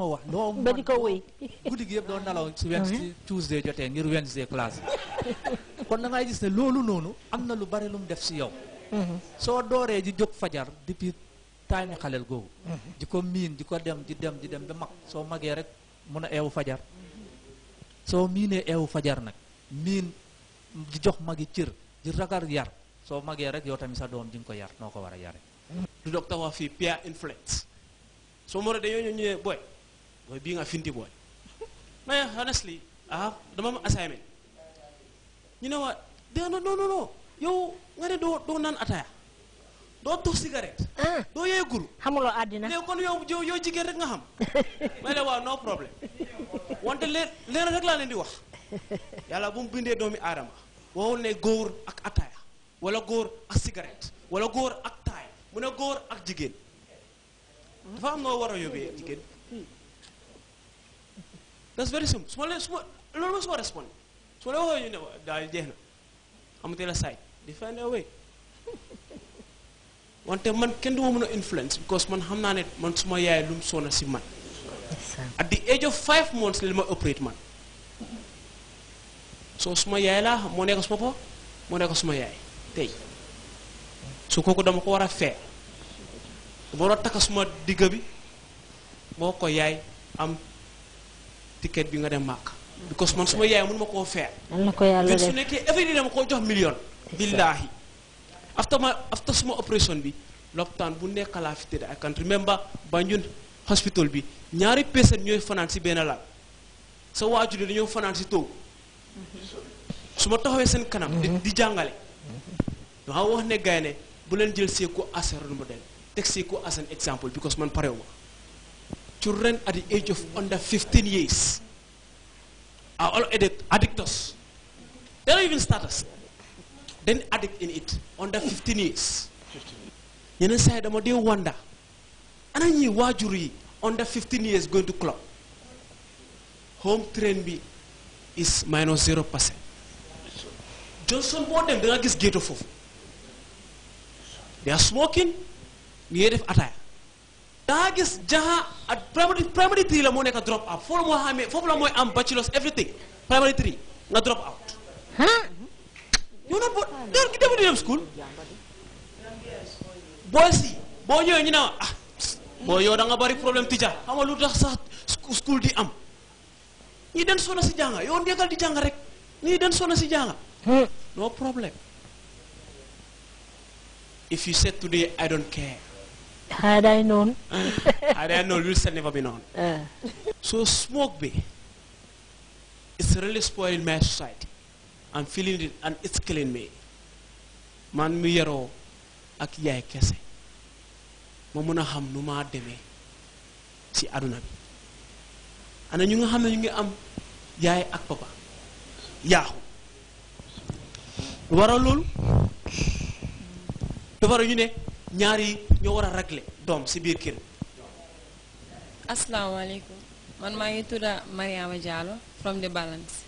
ma wax loo ba di ko wéy guddi gi yëpp doon nalaw su ah Wednesday Tuesday jotee ngir Wednesday classe kon da gis ne loolu noonu am na lu bari lu mu def si yow mm-hmm. soo dooree di jóg fajar depuis time xaleel googu mm-hmm. di ko miin di ko dem di dem di dem ba mag soo magee rek mun a eewu fajar soo miinee eewu fajar nag miin di jox magi cër di ragal yar soo magee rek yow tamit sa doom di nga ko yar noo ko war a yare du docteur wax fii peer influence soo moro dañoo ñëwee We're being a finty boy. No, yeah, honestly, I have the moment assignment. You know what? They are not, no, no, no. Yo, when do do doo tux cigarette. Ah. doo yee guru. xamuloo àddina kon yow yow yow jigéen nga xam. ma wante leen leen rek laa leen di wax yàlla bu mu bindee doomi aadama waxul ne góor ak ataaya walla góor ak cigarette wala góor ak taay mu ne góor ak jigéen dafa am noo war a yóbbee jigéen. that's very simple su su ma loolu mooy suma respond su leen waxee ñu ne daal jeex na amatee la side di find wante man kenn du ma mën a influence because man xam naa ne man suma yaay lu mu si man at the age of five months la ma operate man so suma yaay laa moo nekk suma papa moo nekk suma yaay tey su kooku dama ko war a fee dama war a takk suma digga bi boo ko yaay am ticket bi nga dem mak because man suma yaay munuma mako faire nako yalla def su nekké every dama ko jox million billahi after ma after suma operation bi l'hôpital bu nekk la fi tedd i can remember banjun hospital bi ñaari personne ñoy fanan ci ben la sa wajur ñoy fanan ci tok suma taxawé sen kanam di jangalé wa wax né gayné bu len jël sé ko asar modèle tek sé asan as an example because man paréwuma children at the age of under 15 years are all addict, addictors. They don't even start us. Then addict in it under 15 years. You Yana say the model wonder. Anani wajuri under 15 years going to club. Home train B is minus zero percent. Johnson bought them, they are gate of They are smoking, near attire. tagis jaha, at primary primary three la moneka drop out foofu mo hame xamee la mooy am bachelors everything primary three nga drop out. ah. yow nag boo dégg nga dem school. boy si boo ñëwee ñu na ah boo yow da nga bari problème tija xam lu tax sax school di am ñi den sona si jànga yow ndégal di janga rek ñi den sona si janga no problem. if you said today I don't care. haaɗay noon haaɗay noon wilsande fami noon so smoke be it's spoiling my society i'm feeling it and it's man mi yaroo ak yaay kese ma mën a xam nu maa demee ci àdduna bi ana ñu nga xam ne ñu ngi am yaay ak papa yaaxu waral loolu dafa ñu ne ñaari ñoo war a ragle doom si biir kër. asalaamaaleykum man maa ngi tudd Mariama Diallo from the balance.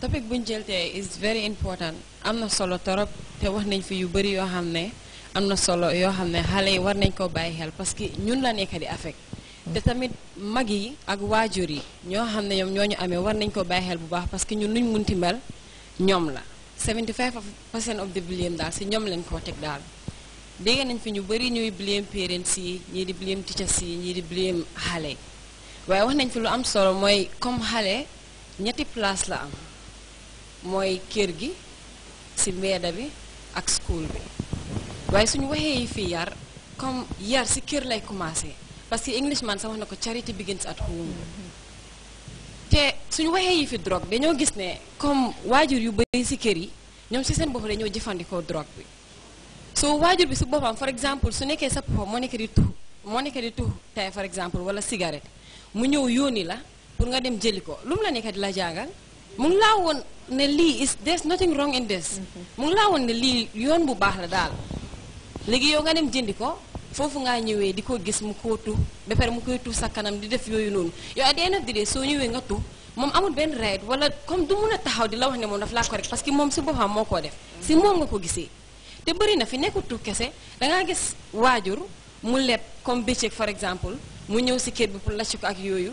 topic bu ñu jël tey is very important am na solo torop te wax nañ fi yu bëri yoo xam ne am na solo yoo xam ne xale yi war nañ koo bàyyi xel parce que ñun la nekk di affect te tamit mag yi ak waajur yi ñoo xam ne ñoom ñoo ñu amee war nañ ko bàyyi xel bu baax parce que ñun nuñ munti mel ñoom la 75 percent of the billion daal si ñoom lañ koo teg daal. dégg nañ fi ñu bëri ñuy blame parents yi ñii di blame teachers yi ñii di blame xale waaye wax nañ fi lu am solo mooy comme xale ñetti place la am mooy kër gi si mbeeda bi ak school bi waaye suñu waxee yi fi yar comme yar si kër lay commencé parce que Englishman sax wax na ko charity begins at home te suñu waxee yi fi drogue dañoo gis ne comme waajur yu bëri si kër yi ñoom si seen bopp dañoo jëfandikoo drogue bi so waajur bi su boppam for exemple su nekkee sa papa moo nekk di tux moo nekk di tux tey for exemple wala cigarette mu ñëw yóoni la pour nga dem jëli ko lu mu la nekk di la jàngal mu ngi laa woon ne lii is there's nothing wrong in this mm-hmm. mu laa woon ne lii yoon bu baax la daal léegi yow nga dem jëndi ko foofu ngaa ñëwee di ko gis mu koo tux ba mu koy tux sa kanam di def yooyu noonu yow at the end of the soo ñëwee nga tux moom amul benn right wala comme du mun a taxaw di la wax ne moom daf laa ko que moom si boppam moo koo def si moom nga ko gisee te bari na fi nekkul tuut kese da nga gis wajur mu lepp comme bëccëg for example mu ñew ci kër bi pour lacc ko ak yoyu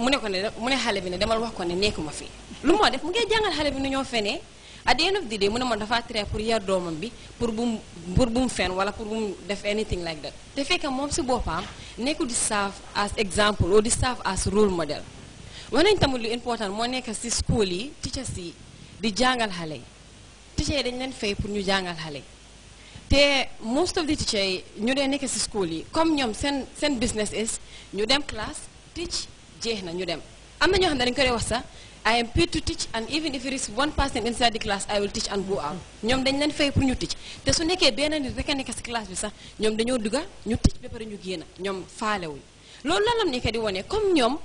mu ne ko ne mu ne xalé bi ne demal wax ko ne nekuma fi lu mo def mu ngi jangal xalé bi nu ñoo fenee at the end of the day mu ne man dafa tré pour yar domam bi pour bu pour bu fen wala pour bu def anything like that te fekk mom ci bopam nekkul di staff as example ou di staff as role model wax nañ tamit lu important mo nekk ci school yi teachers yi di jangal xalé teacher dañ leen fay pour ñu jangal xalé te most of the teacher yi ñu dee nekk si school yi comme ñoom seen seen business is ñu dem class teach jeex na ñu dem am na ñoo xam ne dañ ko dee wax sax I am paid to teach and even if it is one person inside the class I will teach and go out ñoom dañ leen fay pour ñu teach te su nekkee benn nit rek a nekk si bi sax ñoom dañoo dugga ñu teach ba pare ñu génn ñoom faalewuñ loolu lan la nekk di wane comme ñoom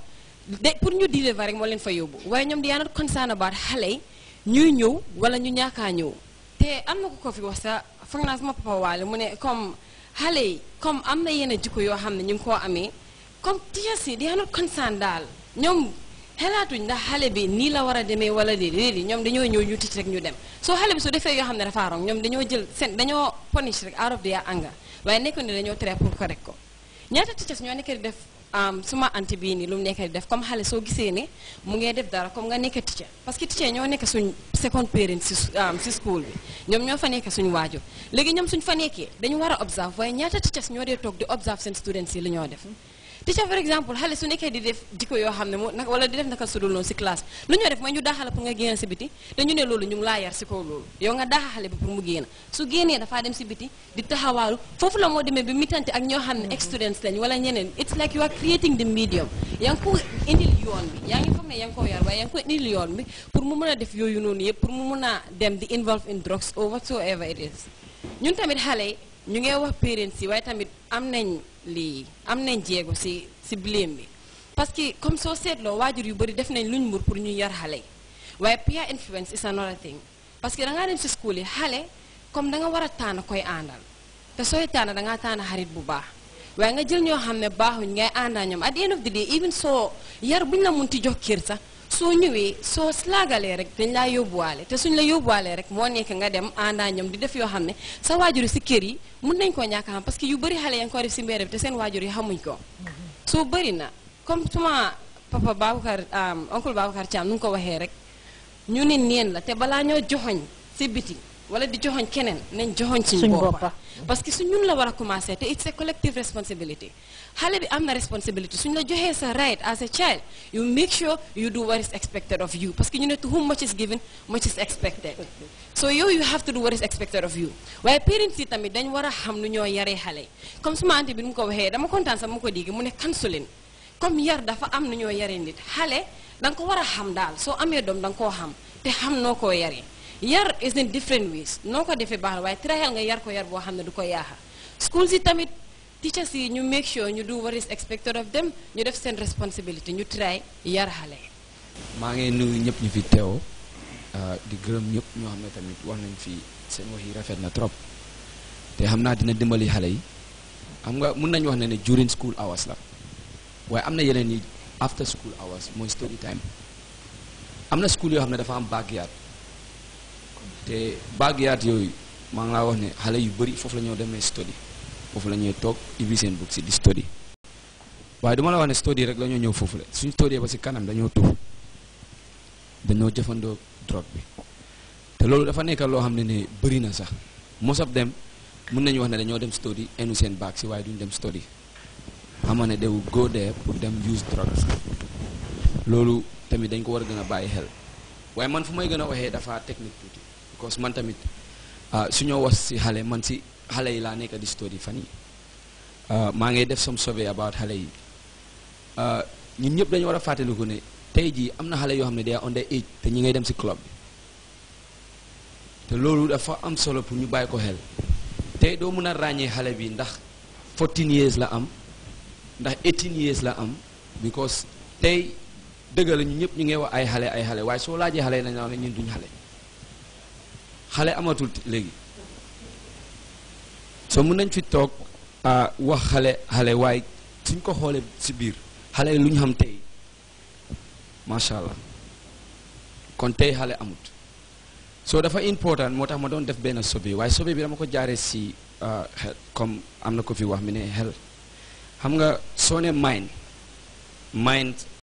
de pour ñu deliver rek moo leen fa yóbbu waaye ñoom di are not concerned about xale ñuy ñëw wala ñu ñàkkaa ñëw ko fi wax sax foog naa sama papa mu ne comme xale yi comme am na yenn jikko yoo xam ne ñu ngi koo amee comme teachers yi they are not concerned daal ñoom xelaatuñ ndax xale bi nii la war a demee wala déedéet ñoom dañoo ñëw ñu tic rek ñu dem soo xale bi su defee yoo xam ne dafa rong ñoom dañoo jël seen dañoo punish rek out of their anger waaye nekkoon ne dañoo tere pour rek ko ñaata teachers ñoo nekkee di def suma anti bii nii lu mu nekk di def comme xale soo gisee ne mu ngee def dara comme nga nekk teacher parce que teacher ñoo nekk suñ second parent si si school bi ñoom ñoo fa nekk suñu waajur léegi ñoom suñ fa nekkee dañu war a observe waaye ñaata teachers ñoo dee toog di observe seen students yi li ñoo def teacher for example xale su nekké di def diko yo xamné mo nak wala di def naka sudul non si classe lu ñu def mooy ñu daxal pour nga gën si biti ñu né lolu ñu la yar ci ko lolu yow nga daxalé bi pour mu gën su dafa dem ci biti di taxawal fofu la mo démé bi mitante ak ño xamné experience lañ wala ñenen it's like you are creating the medium yang ko indil yoon bi yaa ngi foog ko yar way yang ko indil yoon bi pour mu mëna def yoyu non yépp pour mu mëna dem di involve in drugs or whatsoever it is ñun tamit halé ñu ngi wax parents yi way tamit am nañ lii am na jéego si si blame bi parce que comme soo seetloo waajur yu bëri def nañ luñ mbur pour ñu yar xale yi waaye peer influence is another thing parce que da ngaa dem si school yi xale comme da nga war a tànn koy àndal te sooy taana da ngaa taana xarit bu baax waaye nga jël ñoo xam ne baaxuñ ngay àndaa ñoom at the end of the day even soo yar buñ la munti jox kër sax soo ñëwee soo laagalee rek dañ laa yóbbuwaale te suñ la yóbbuwaalee rek moo nekk nga dem àndaa ñoom di def yoo xam ne sa waajur yi si kër yi mun nañ koo ñàkk xam parce que yu bëri xale yaa ngi ko def si mbedd bi te seen waajur yi xamuñ ko soo bëri na comme suma papa Babacar oncle Babacar Thiam nu mu ko waxee rek ñu ne neen la te balaa ñoo joxoñ si biti wala di joxoñ keneen nañ joxoñ suñ boppa parce que su ñun la war a commencer te it's a collective responsibility xale bi am na responsibility suñ la joxee sa right as a child you make sure you do what is expected of you que ñu ne to whom much is given much is expected yow you have to do what is expected of waaye parents yi tamit dañ war a xam nu ñoo yaree xale yi comme suma anti bi nu mu ko waxee dama kontaan sax mu ko dégg mu ne kansuleen comme yar dafa am nu ñoo yaree nit xale da ko war a xam daal soo amee doom da nga koo xam te xam noo koo yaree yar is in different ways noko defé defee way la nga yar ko yar bo xamné du yaaxa school si tamit teachers yi ñu make sure ñu do what is expected of them ñu def sen responsibility ñu try yar halé ma ngi nuyu ñep ñu fi euh di gërëm ñep ñu xamné tamit wax nañ fi sen wax yi rafet na trop té xamna dina dimbali halé yi xam nga mën nañ wax né during school hours la way amna na yeneen yi after school hours moy story time Amna school yo xamne dafa am backyard te bag baagiyaat yooyu maa ngi laa wax ne xale yu bëri foofu la ñoo demee study foofu la ñuy toog ubbi seen book si di study waaye duma la wax ne study rek lañoo ñëw foofu la suñ study ba si kanam dañoo tuuf dañoo jëfandoo drogue bi te loolu dafa nekk loo xam ne ne bëri na sax mosab dem mun nañu wax ne dañoo dem study enu seen baag si waaye duñ dem study xam nga ne dew will go there pour dem use drugs loolu tamit dañ ko war a gën a bàyyi xel waaye man fu may gën a waxee dafa technique because man tamit ah, su ñoo wax si xale man si xale yi laa nekk di story fan yi ah, maa ngay def some survey about xale yi ah, ñun ñëpp dañu war a fàttaliku ne tey ji am na xale yoo xam ne day under age te ñi ngay dem si club bi te loolu dafa am solo pour ñu bàyyi ko xel tey doo mën a ràññee xale bi ndax 14 years la am ndax 18 years la am because tey dëgg la ñu ñëpp ñu ngi wax ay xale ay xale waaye soo laajee xale yi dañu ne ñun duñ xale. xale amatul léegi so mun nañ fi toog wax xale xale waaye suñ ko xoolee si biir xale lu ñu xam tey macha allah kon tey xale amut soo dafa important moo tax ma doon def benn sobe waaye sobe bi dama ko jaaree si xel comme am na ko fi wax mi ne xel xam nga soo ne mind mind